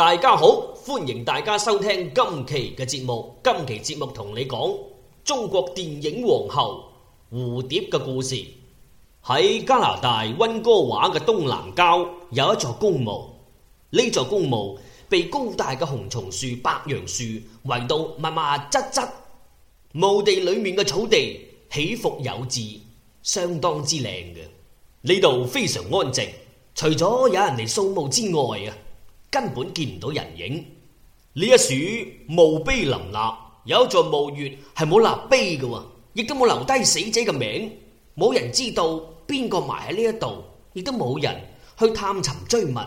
大家好，歡迎大家收聽今期嘅節目。今期節目同你講中國電影皇后蝴蝶嘅故事。喺加拿大溫哥華嘅東南郊有一座公墓，呢座公墓被高大嘅紅松樹、白楊樹圍到密密窒窒，墓地裏面嘅草地起伏有致，相當之靚嘅。呢度非常安靜，除咗有人嚟掃墓之外啊，根本見唔到人影，呢一處墓碑林立，有一座墓穴係冇立碑嘅，亦都冇留低死者嘅名，冇人知道邊個埋喺呢一度，亦都冇人去探尋追問，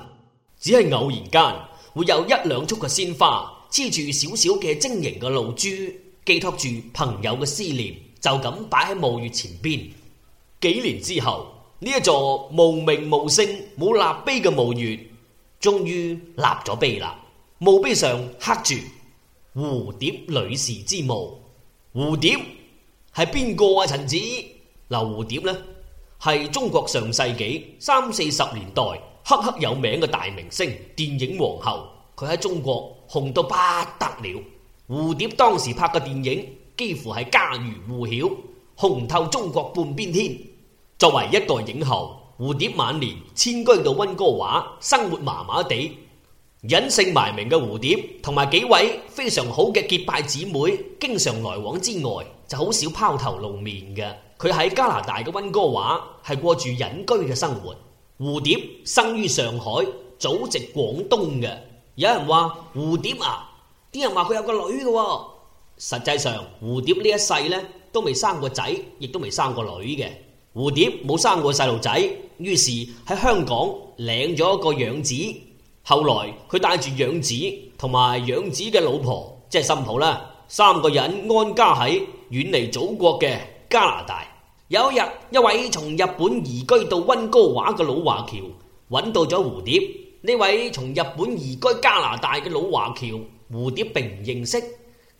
只係偶然間會有一兩束嘅鮮花，黐住少少嘅晶瑩嘅露珠，寄託住朋友嘅思念，就咁擺喺墓穴前邊。幾年之後，呢一座無名無姓、冇立碑嘅墓穴。終於立咗碑啦，墓碑上刻住蝴蝶女士之墓。蝴蝶係邊個啊？陳子，嗱蝴蝶呢？係中國上世紀三四十年代赫赫有名嘅大明星，電影皇后。佢喺中國紅到不得了，蝴蝶當時拍嘅電影幾乎係家喻戶曉，紅透中國半邊天。作為一代影后。蝴蝶晚年遷居到温哥華，生活麻麻地，隱姓埋名嘅蝴蝶同埋幾位非常好嘅結拜姊妹經常來往之外，就好少拋頭露面嘅。佢喺加拿大嘅温哥華係過住隱居嘅生活。蝴蝶生於上海，祖籍廣東嘅。有人話蝴蝶啊，啲人話佢有個女嘅。實際上蝴蝶呢一世呢都未生過仔，亦都未生過女嘅。蝴蝶冇生過細路仔。於是喺香港領咗一個養子，後來佢帶住養子同埋養子嘅老婆，即係新抱啦，三個人安家喺遠離祖國嘅加拿大。有一日，一位從日本移居到温哥華嘅老華僑揾到咗蝴蝶。呢位從日本移居加拿大嘅老華僑，蝴蝶並唔認識。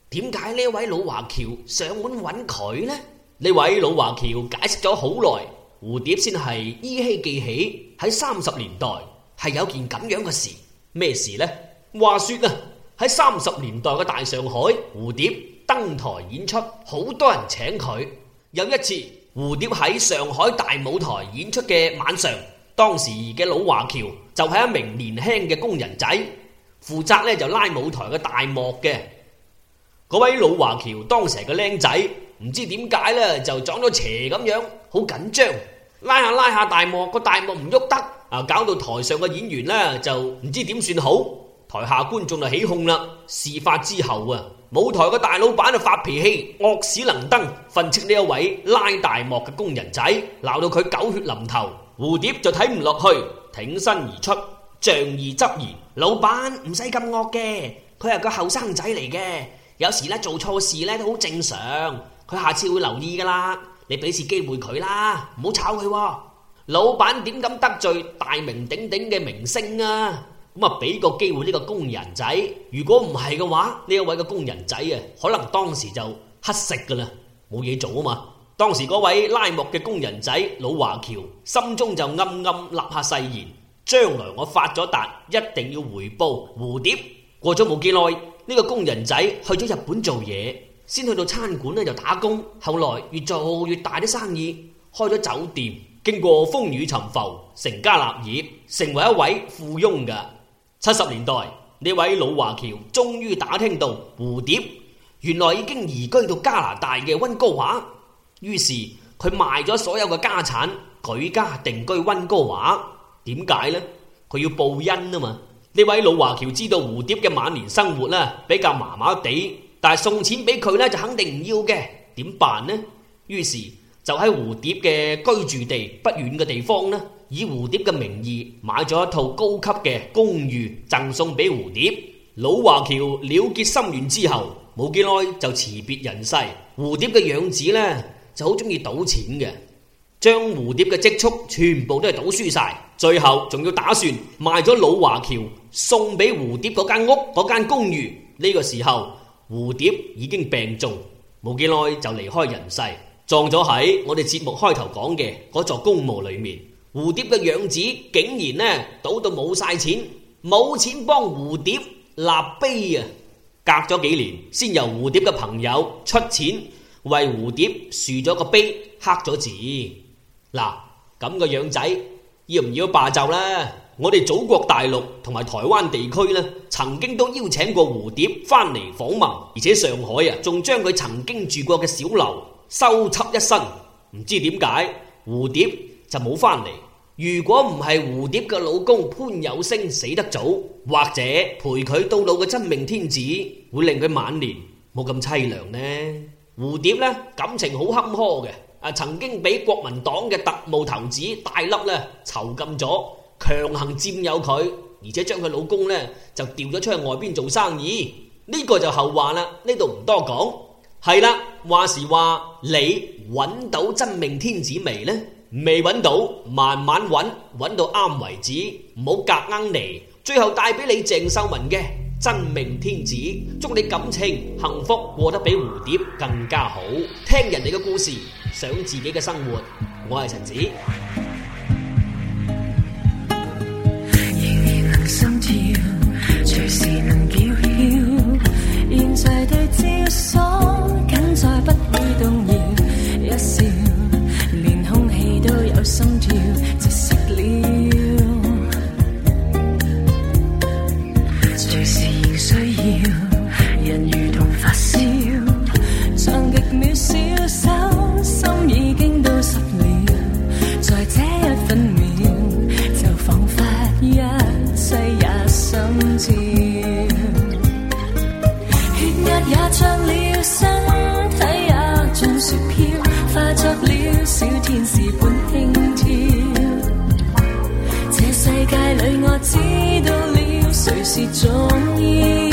點解呢位老華僑上門揾佢呢？呢位老華僑解釋咗好耐。蝴蝶先係依稀記起喺三十年代係有件咁樣嘅事，咩事呢？話說啊，喺三十年代嘅大上海，蝴蝶登台演出，好多人請佢。有一次，蝴蝶喺上海大舞台演出嘅晚上，當時嘅老華僑就係一名年輕嘅工人仔，負責呢就拉舞台嘅大幕嘅。嗰位老華僑當時係個靚仔，唔知點解呢，就撞咗邪咁樣，好緊張。拉下拉下大幕，個大幕唔喐得，啊，搞到台上嘅演員呢、啊、就唔知點算好，台下觀眾就起哄啦。事發之後啊，舞台嘅大老闆就發脾氣，惡死能登訓斥呢一位拉大幕嘅工人仔，鬧到佢狗血淋頭。蝴蝶就睇唔落去，挺身而出，仗義執言。老闆唔使咁惡嘅，佢係個後生仔嚟嘅，有時呢，做錯事呢都好正常，佢下次會留意噶啦。你俾次機會佢啦，唔好炒佢啊。老闆點敢得罪大名鼎鼎嘅明星啊？咁啊，俾個機會呢個工人仔。如果唔係嘅話，呢一位嘅工人仔啊，可能當時就乞食噶啦，冇嘢做啊嘛。當時嗰位拉幕嘅工人仔老華僑，心中就暗暗立下誓言：將來我發咗達，一定要回報蝴蝶。過咗冇幾耐，呢個工人仔去咗日本做嘢。先去到餐館咧就打工，後來越做越大啲生意，開咗酒店。經過風雨沉浮，成家立業，成為一位富翁噶。七十年代呢位老華僑終於打聽到蝴蝶原來已經移居到加拿大嘅溫哥華，於是佢賣咗所有嘅家產，舉家定居溫哥華。點解呢？佢要報恩啊嘛！呢位老華僑知道蝴蝶嘅晚年生活咧比較麻麻地。但係送錢俾佢咧就肯定唔要嘅，點辦呢？於是就喺蝴蝶嘅居住地不遠嘅地方呢，以蝴蝶嘅名義買咗一套高級嘅公寓贈送俾蝴蝶。老華僑了結心願之後，冇幾耐就辭別人世。蝴蝶嘅樣子呢，就好中意賭錢嘅，將蝴蝶嘅積蓄全部都係賭輸晒，最後仲要打算賣咗老華僑送俾蝴蝶嗰間屋嗰間公寓。呢個時候，蝴蝶已經病重，冇幾耐就離開人世，葬咗喺我哋節目開頭講嘅嗰座公墓裏面。蝴蝶嘅養子竟然呢賭到冇晒錢，冇錢幫蝴蝶立碑啊！隔咗幾年，先由蝴蝶嘅朋友出錢為蝴蝶豎咗個碑，刻咗字。嗱，咁個養仔要唔要霸就啦？我哋祖國大陸同埋台灣地區咧，曾經都邀請過蝴蝶翻嚟訪問，而且上海啊，仲將佢曾經住過嘅小樓修葺一新。唔知點解蝴蝶就冇翻嚟。如果唔係蝴蝶嘅老公潘有聲死得早，或者陪佢到老嘅真命天子會令佢晚年冇咁淒涼呢？蝴蝶咧感情好坎坷嘅，啊，曾經俾國民黨嘅特務頭子戴笠咧囚禁咗。強行佔有佢，而且將佢老公呢就調咗出去外邊做生意，呢個就後話啦。呢度唔多講。係啦，話時話你揾到真命天子未呢？未揾到，慢慢揾，揾到啱為止，唔好夾硬嚟。最後帶俾你鄭秀文嘅真命天子，祝你感情幸福，過得比蝴蝶更加好。聽人哋嘅故事，想自己嘅生活。我係陳子。小天使般輕佻，這世界裏我知道了，誰是重要？